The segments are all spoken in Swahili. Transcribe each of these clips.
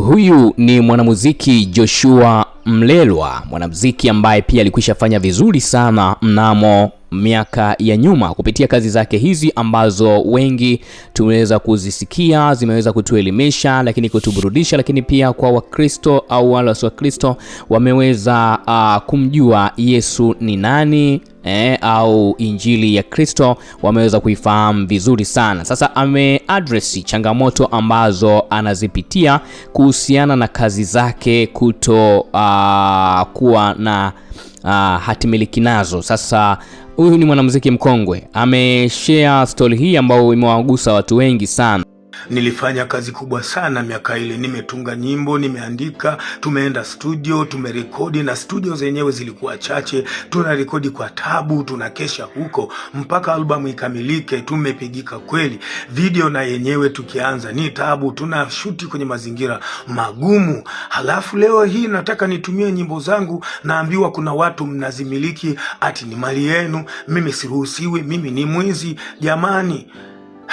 Huyu ni mwanamuziki Joshua Mlelwa, mwanamuziki ambaye pia alikwishafanya fanya vizuri sana mnamo miaka ya nyuma kupitia kazi zake hizi ambazo wengi tumeweza kuzisikia, zimeweza kutuelimisha, lakini kutuburudisha, lakini pia kwa Wakristo au wale wasio Wakristo wameweza uh, kumjua Yesu ni nani. Eh, au injili ya Kristo wameweza kuifahamu vizuri sana. Sasa ameadresi changamoto ambazo anazipitia kuhusiana na kazi zake kuto uh, kuwa na uh, ah, hatimiliki nazo. Sasa huyu ni mwanamuziki mkongwe, ameshare story hii ambayo imewagusa watu wengi sana. Nilifanya kazi kubwa sana miaka ile, nimetunga nyimbo, nimeandika, tumeenda studio, tumerekodi na studio zenyewe zilikuwa chache. Tunarekodi kwa tabu, tunakesha huko mpaka albamu ikamilike. Tumepigika kweli. Video na yenyewe tukianza ni tabu, tunashuti kwenye mazingira magumu. Halafu leo hii nataka nitumie nyimbo zangu, naambiwa kuna watu mnazimiliki, ati ni mali yenu. Mimi siruhusiwi, mimi ni mwizi. Jamani!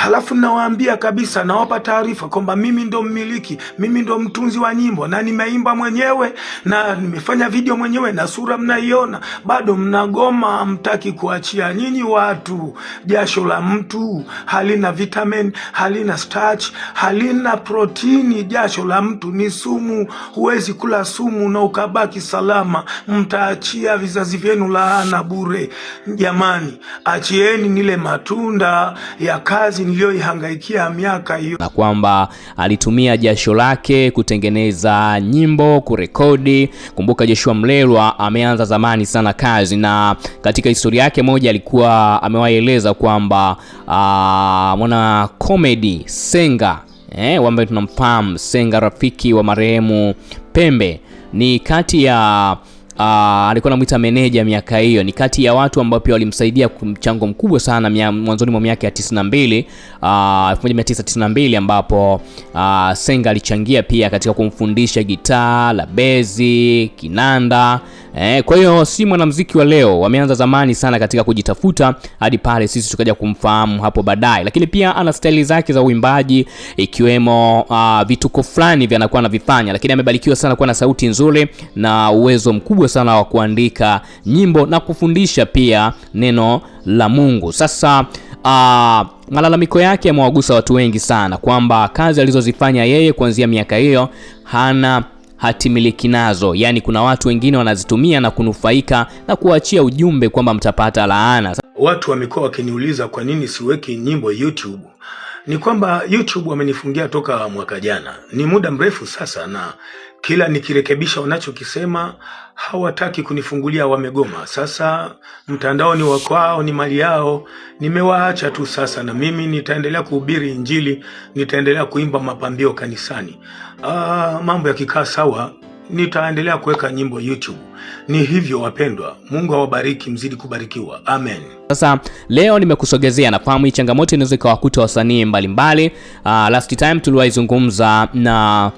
halafu nawaambia kabisa, nawapa taarifa kwamba mimi ndo mmiliki, mimi ndo mtunzi wa nyimbo na nimeimba mwenyewe na nimefanya video mwenyewe na sura mnaiona, bado mnagoma, hamtaki kuachia. Nyinyi watu, jasho la mtu halina vitamin, halina starch, halina protini. Jasho la mtu ni sumu, huwezi kula sumu na ukabaki salama. Mtaachia vizazi vyenu laana bure. Jamani, achieni nile matunda ya kazi niliyoihangaikia miaka hiyo, na kwamba alitumia jasho lake kutengeneza nyimbo, kurekodi. Kumbuka Joshua Mlelwa ameanza zamani sana kazi, na katika historia yake moja alikuwa amewaeleza kwamba ah, mwana comedy Senga eh, ambaye tunamfahamu Senga, rafiki wa marehemu Pembe, ni kati ya Uh, alikuwa anamuita meneja miaka hiyo. Ni kati ya watu ambao pia walimsaidia mchango mkubwa sana mwanzoni mwa miaka ya 92 uh, 1992 ambapo uh, Senga alichangia pia katika kumfundisha gitaa la bezi, kinanda Eh, kwa hiyo si mwanamuziki wa leo, wameanza zamani sana katika kujitafuta hadi pale sisi tukaja kumfahamu hapo baadaye, lakini pia ana staili zake za uimbaji ikiwemo uh, vituko fulani vya anakuwa anavifanya, lakini amebarikiwa sana kuwa na sauti nzuri na uwezo mkubwa sana wa kuandika nyimbo na kufundisha pia neno la Mungu. Sasa uh, malalamiko yake yamewagusa watu wengi sana kwamba kazi alizozifanya yeye kuanzia miaka hiyo hana hatimiliki nazo, yaani kuna watu wengine wanazitumia na kunufaika na kuachia ujumbe kwamba mtapata laana. Watu wamekuwa wakiniuliza kwa nini siweki nyimbo YouTube ni kwamba YouTube wamenifungia toka mwaka jana, ni muda mrefu sasa, na kila nikirekebisha wanachokisema hawataki kunifungulia, wamegoma. Sasa mtandao ni wakwao, ni mali yao, nimewaacha tu sasa, na mimi nitaendelea kuhubiri Injili, nitaendelea kuimba mapambio kanisani. Aa, ah, mambo yakikaa sawa nitaendelea kuweka nyimbo YouTube. Ni hivyo wapendwa, Mungu awabariki, mzidi kubarikiwa, amen. Sasa leo nimekusogezea, nafahamu hii changamoto inaweza ikawakuta wasanii mbalimbali. Uh, last time tuliwaizungumza na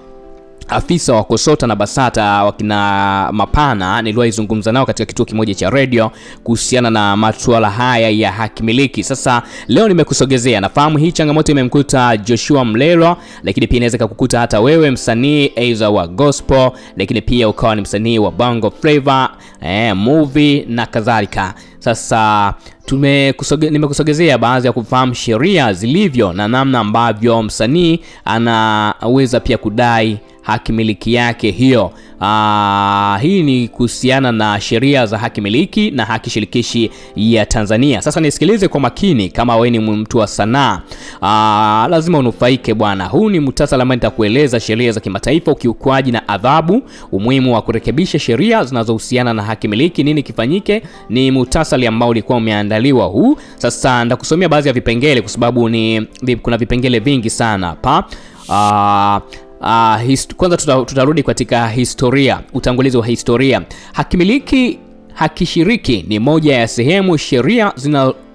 afisa wa KOSOTA na BASATA wakina Mapana niliwaizungumza nao katika kituo kimoja cha redio kuhusiana na masuala haya ya hakimiliki. Sasa leo nimekusogezea, nafahamu hii changamoto imemkuta Joshua Mlelwa, lakini pia inaweza kukukuta hata wewe msanii aidha wa gospel, lakini pia ukawa ni msanii wa bongo flavor, eh, movie na kadhalika. Sasa tumekusogezea, nimekusogezea baadhi ya kufahamu sheria zilivyo na namna ambavyo msanii anaweza pia kudai hakimiliki yake hiyo. Aa, ah, hii ni kuhusiana na sheria za haki miliki na haki shirikishi ya Tanzania. Sasa nisikilize kwa makini, kama wewe ni mtu wa sanaa ah, lazima unufaike bwana. Huu ni muhtasari ambao nitakueleza sheria za kimataifa, ukiukwaji na adhabu, umuhimu wa kurekebisha sheria zinazohusiana na haki miliki, nini kifanyike. Ni muhtasari ambao ulikuwa umeandaliwa huu. Sasa ndakusomea baadhi ya vipengele kwa sababu ni kuna vipengele vingi sana hapa. Uh, uh, hist kwanza tuta, tutarudi katika historia, utangulizi wa historia. Hakimiliki hakishiriki ni moja ya sehemu sheria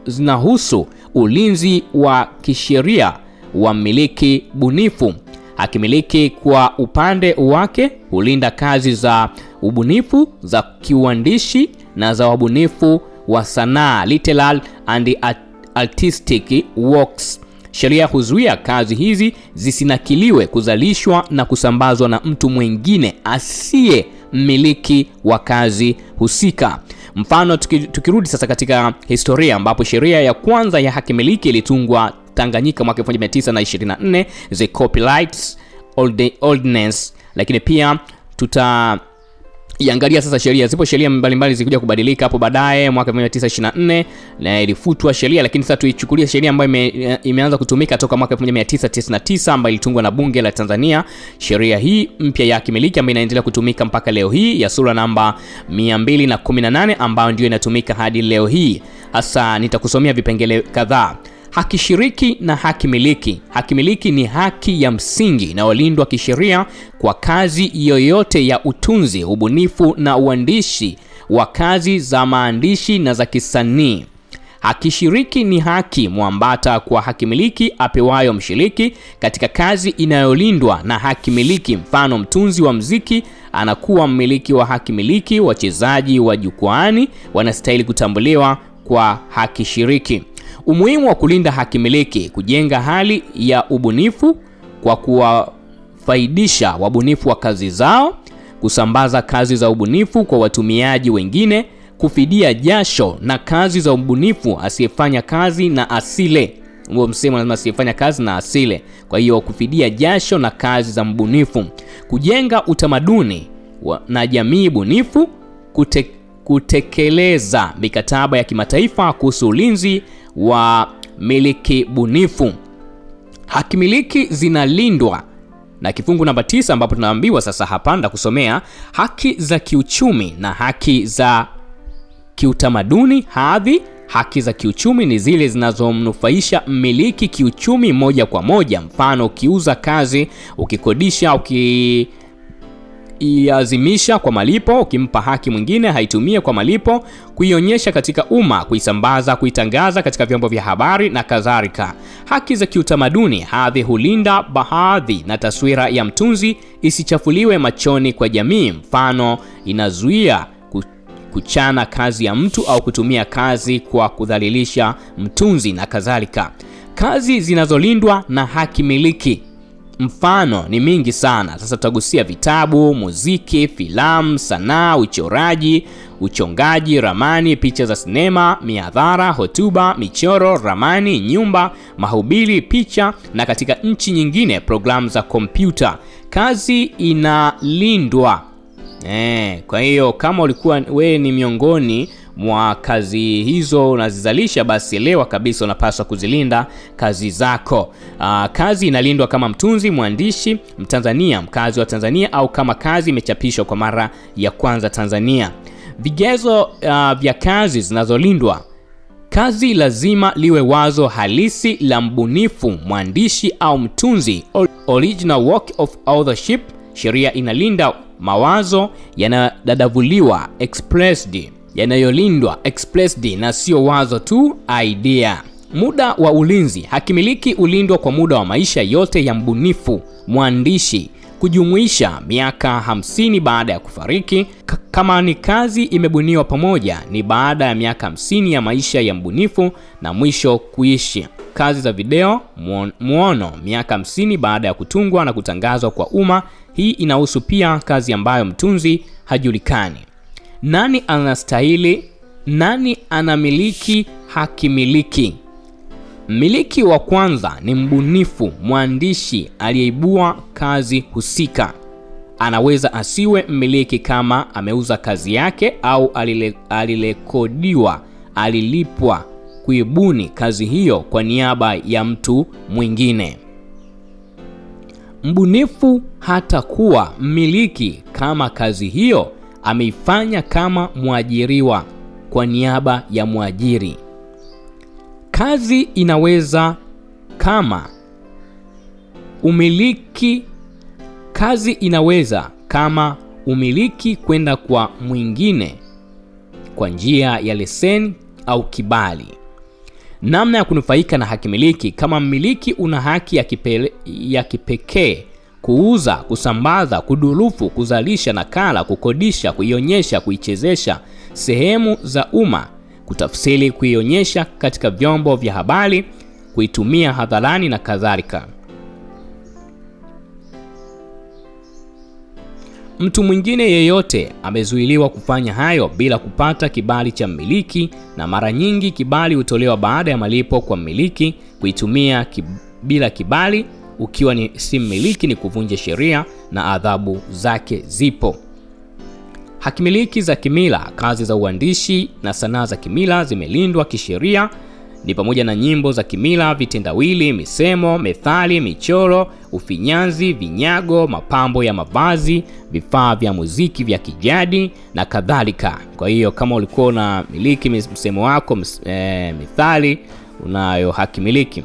zinahusu ulinzi wa kisheria wa mmiliki bunifu. Hakimiliki kwa upande wake hulinda kazi za ubunifu za kiuandishi na za wabunifu wa sanaa literal and artistic works Sheria huzuia kazi hizi zisinakiliwe, kuzalishwa na kusambazwa na mtu mwingine asiye mmiliki wa kazi husika. Mfano, tukirudi sasa katika historia ambapo sheria ya kwanza ya haki miliki ilitungwa Tanganyika mwaka 1924, the Copyrights Ordinance, lakini pia tuta Iangalia sasa sheria, zipo sheria mbalimbali zilikuja kubadilika hapo baadaye mwaka 1924 na ilifutwa sheria, lakini sasa tuichukulie sheria ambayo ime, imeanza kutumika toka mwaka 1999 ambayo ilitungwa na bunge la Tanzania. Sheria hii mpya ya kimiliki ambayo inaendelea kutumika mpaka leo hii ya sura namba 218 ambayo ndio inatumika hadi leo hii. Hasa nitakusomea vipengele kadhaa hakishiriki na haki miliki. ni haki ya msingi inayolindwa kisheria kwa kazi yoyote ya utunzi, ubunifu na uandishi wa kazi za maandishi na za kisanii. hakishiriki ni haki mwambata kwa hakimiliki apewayo mshiriki katika kazi inayolindwa na haki miliki. Mfano, mtunzi wa mziki anakuwa mmiliki wa haki miliki. Wachezaji wa jukwaani wanastahili kutambuliwa kwa haki shiriki. Umuhimu wa kulinda haki miliki: kujenga hali ya ubunifu kwa kuwafaidisha wabunifu wa kazi zao, kusambaza kazi za ubunifu kwa watumiaji wengine, kufidia jasho na kazi za ubunifu asiyefanya kazi na asile huo msemo lazima asiyefanya kazi na asile. Kwa hiyo kufidia jasho na kazi za mbunifu, kujenga utamaduni wa, na jamii bunifu, kute, kutekeleza mikataba ya kimataifa kuhusu ulinzi wa miliki bunifu. Haki miliki zinalindwa na kifungu namba tisa ambapo tunaambiwa sasa hapanda kusomea haki za kiuchumi na haki za kiutamaduni. Hadhi haki za kiuchumi ni zile zinazomnufaisha mmiliki kiuchumi moja kwa moja, mfano ukiuza kazi, ukikodisha, uki iazimisha kwa malipo, ukimpa haki mwingine haitumie kwa malipo, kuionyesha katika umma, kuisambaza, kuitangaza katika vyombo vya habari na kadhalika. Haki za kiutamaduni, hadhi hulinda bahadhi na taswira ya mtunzi isichafuliwe machoni kwa jamii. Mfano, inazuia kuchana kazi ya mtu au kutumia kazi kwa kudhalilisha mtunzi na kadhalika. Kazi zinazolindwa na haki miliki Mfano ni mingi sana. Sasa tutagusia vitabu, muziki, filamu, sanaa, uchoraji, uchongaji, ramani, picha za sinema, mihadhara, hotuba, michoro, ramani, nyumba, mahubiri, picha na katika nchi nyingine programu za kompyuta. Kazi inalindwa. Eh, kwa hiyo kama ulikuwa wewe ni miongoni mwa kazi hizo unazizalisha, basi elewa kabisa unapaswa kuzilinda kazi zako. Aa, ah, kazi inalindwa kama mtunzi, mwandishi, Mtanzania, mkazi wa Tanzania au kama kazi imechapishwa kwa mara ya kwanza Tanzania. Vigezo uh, vya kazi zinazolindwa Kazi lazima liwe wazo halisi la mbunifu, mwandishi au mtunzi, original work of authorship. Sheria inalinda mawazo yanadadavuliwa expressed yanayolindwa expressed na sio wazo tu idea. Muda wa ulinzi hakimiliki ulindwa kwa muda wa maisha yote ya mbunifu mwandishi kujumuisha miaka hamsini baada ya kufariki. Kama ni kazi imebuniwa pamoja, ni baada ya miaka hamsini ya maisha ya mbunifu na mwisho kuishi. Kazi za video muono, miaka hamsini baada ya kutungwa na kutangazwa kwa umma. Hii inahusu pia kazi ambayo mtunzi hajulikani nani anastahili, nani anamiliki hakimiliki. Mmiliki wa kwanza ni mbunifu, mwandishi aliyeibua kazi husika. Anaweza asiwe mmiliki kama ameuza kazi yake au alile, alirekodiwa, alilipwa kuibuni kazi hiyo kwa niaba ya mtu mwingine. Mbunifu hatakuwa mmiliki kama kazi hiyo ameifanya kama mwajiriwa kwa niaba ya mwajiri. Kazi inaweza kama umiliki, kazi inaweza kama umiliki kwenda kwa mwingine kwa njia ya leseni au kibali. Namna ya kunufaika na hakimiliki kama mmiliki una haki ya kipekee kuuza, kusambaza, kudurufu, kuzalisha nakala, kukodisha, kuionyesha, kuichezesha sehemu za umma, kutafsiri, kuionyesha katika vyombo vya habari, kuitumia hadharani na kadhalika. Mtu mwingine yeyote amezuiliwa kufanya hayo bila kupata kibali cha mmiliki, na mara nyingi kibali hutolewa baada ya malipo kwa mmiliki. Kuitumia kib... bila kibali ukiwa ni si mmiliki ni kuvunja sheria na adhabu zake zipo. Hakimiliki za kimila. Kazi za uandishi na sanaa za kimila zimelindwa kisheria, ni pamoja na nyimbo za kimila, vitendawili, misemo, methali, michoro, ufinyanzi, vinyago, mapambo ya mavazi, vifaa vya muziki vya kijadi na kadhalika. Kwa hiyo kama ulikuwa unamiliki msemo wako, eh, mithali e, unayo hakimiliki.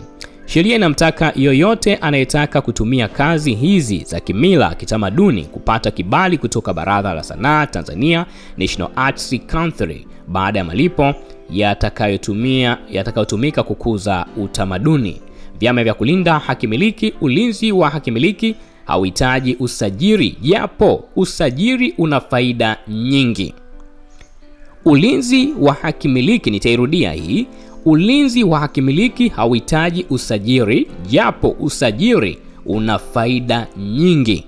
Sheria inamtaka yoyote anayetaka kutumia kazi hizi za kimila kitamaduni kupata kibali kutoka Baraza la Sanaa Tanzania National Arts Council baada ya malipo yatakayotumia yatakayotumika kukuza utamaduni. Vyama vya kulinda hakimiliki, ulinzi wa hakimiliki hauhitaji usajili, japo usajili una faida nyingi. Ulinzi wa hakimiliki, nitairudia hii. Ulinzi wa hakimiliki hauhitaji usajili, japo usajili una faida nyingi.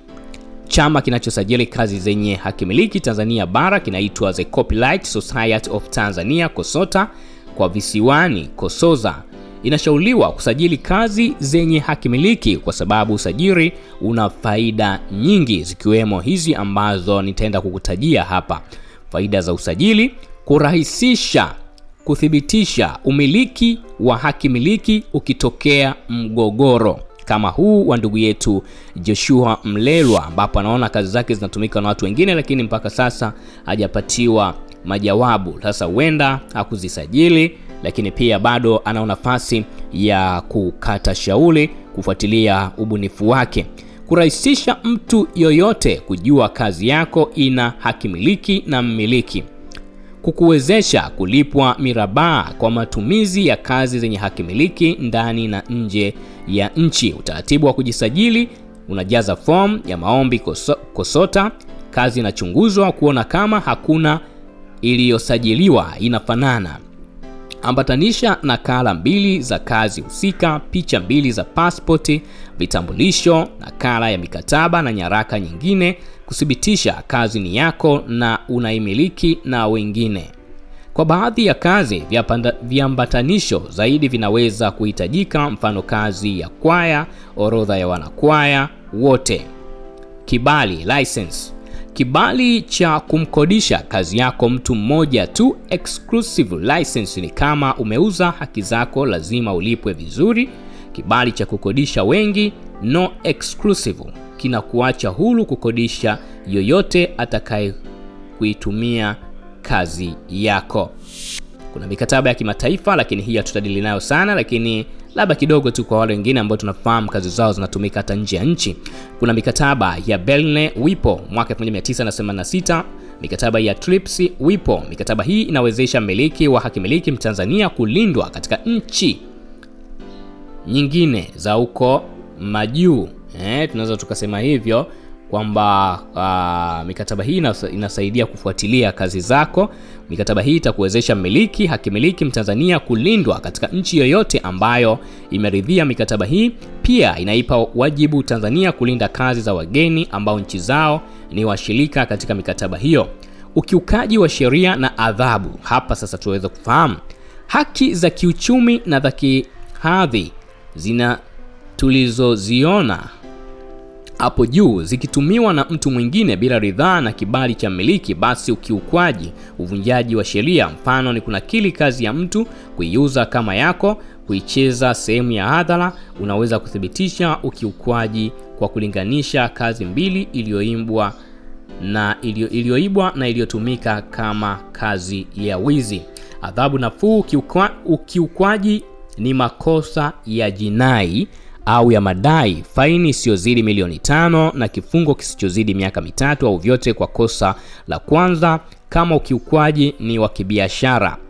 Chama kinachosajili kazi zenye hakimiliki Tanzania bara kinaitwa The Copyright Society of Tanzania KOSOTA kwa visiwani KOSOZA. Inashauriwa kusajili kazi zenye hakimiliki kwa sababu usajili una faida nyingi zikiwemo hizi ambazo nitaenda kukutajia hapa. Faida za usajili: kurahisisha kuthibitisha umiliki wa haki miliki ukitokea mgogoro kama huu wa ndugu yetu Joshua Mlelwa, ambapo anaona kazi zake zinatumika na watu wengine, lakini mpaka sasa hajapatiwa majawabu. Sasa huenda hakuzisajili, lakini pia bado anao nafasi ya kukata shauri kufuatilia ubunifu wake. Kurahisisha mtu yoyote kujua kazi yako ina haki miliki na mmiliki kukuwezesha kulipwa mirabaha kwa matumizi ya kazi zenye haki miliki ndani na nje ya nchi. Utaratibu wa kujisajili, unajaza fomu ya maombi koso, KOSOTA. Kazi inachunguzwa kuona kama hakuna iliyosajiliwa inafanana. Ambatanisha nakala mbili za kazi husika, picha mbili za pasipoti, vitambulisho, nakala ya mikataba na nyaraka nyingine kuthibitisha kazi ni yako na unaimiliki na wengine. Kwa baadhi ya kazi, viambatanisho zaidi vinaweza kuhitajika, mfano kazi ya kwaya, orodha ya wanakwaya wote, kibali license. Kibali cha kumkodisha kazi yako mtu mmoja tu, exclusive license, ni kama umeuza haki zako, lazima ulipwe vizuri. Kibali cha kukodisha wengi, no exclusive kinakuacha huru kukodisha yoyote atakaye kuitumia kazi yako. Kuna mikataba ya kimataifa, lakini hii hatutadili nayo sana, lakini labda kidogo tu kwa wale wengine ambao tunafahamu kazi zao zinatumika hata nje ya nchi. Kuna mikataba ya Berlin Wipo mwaka 1986, mikataba ya TRIPS Wipo. Mikataba hii inawezesha mmiliki wa haki miliki Mtanzania kulindwa katika nchi nyingine za uko majuu eh, tunaweza tukasema hivyo kwamba uh, mikataba hii inasaidia kufuatilia kazi zako. Mikataba hii itakuwezesha mmiliki hakimiliki Mtanzania kulindwa katika nchi yoyote ambayo imeridhia mikataba hii. Pia inaipa wajibu Tanzania kulinda kazi za wageni ambao nchi zao ni washirika katika mikataba hiyo. Ukiukaji wa sheria na adhabu, hapa sasa tuweze kufahamu haki za kiuchumi na za kihadhi zina tulizoziona hapo juu zikitumiwa na mtu mwingine bila ridhaa na kibali cha mmiliki, basi ukiukwaji, uvunjaji wa sheria. Mfano ni kunakili kazi ya mtu, kuiuza kama yako, kuicheza sehemu ya hadhara. Unaweza kuthibitisha ukiukwaji kwa kulinganisha kazi mbili, iliyoimbwa na iliyoibwa na iliyotumika kama kazi ya wizi. Adhabu nafuu: ukiukwaji ni makosa ya jinai au ya madai, faini isiyozidi milioni tano na kifungo kisichozidi miaka mitatu au vyote kwa kosa la kwanza, kama ukiukwaji ni wa kibiashara.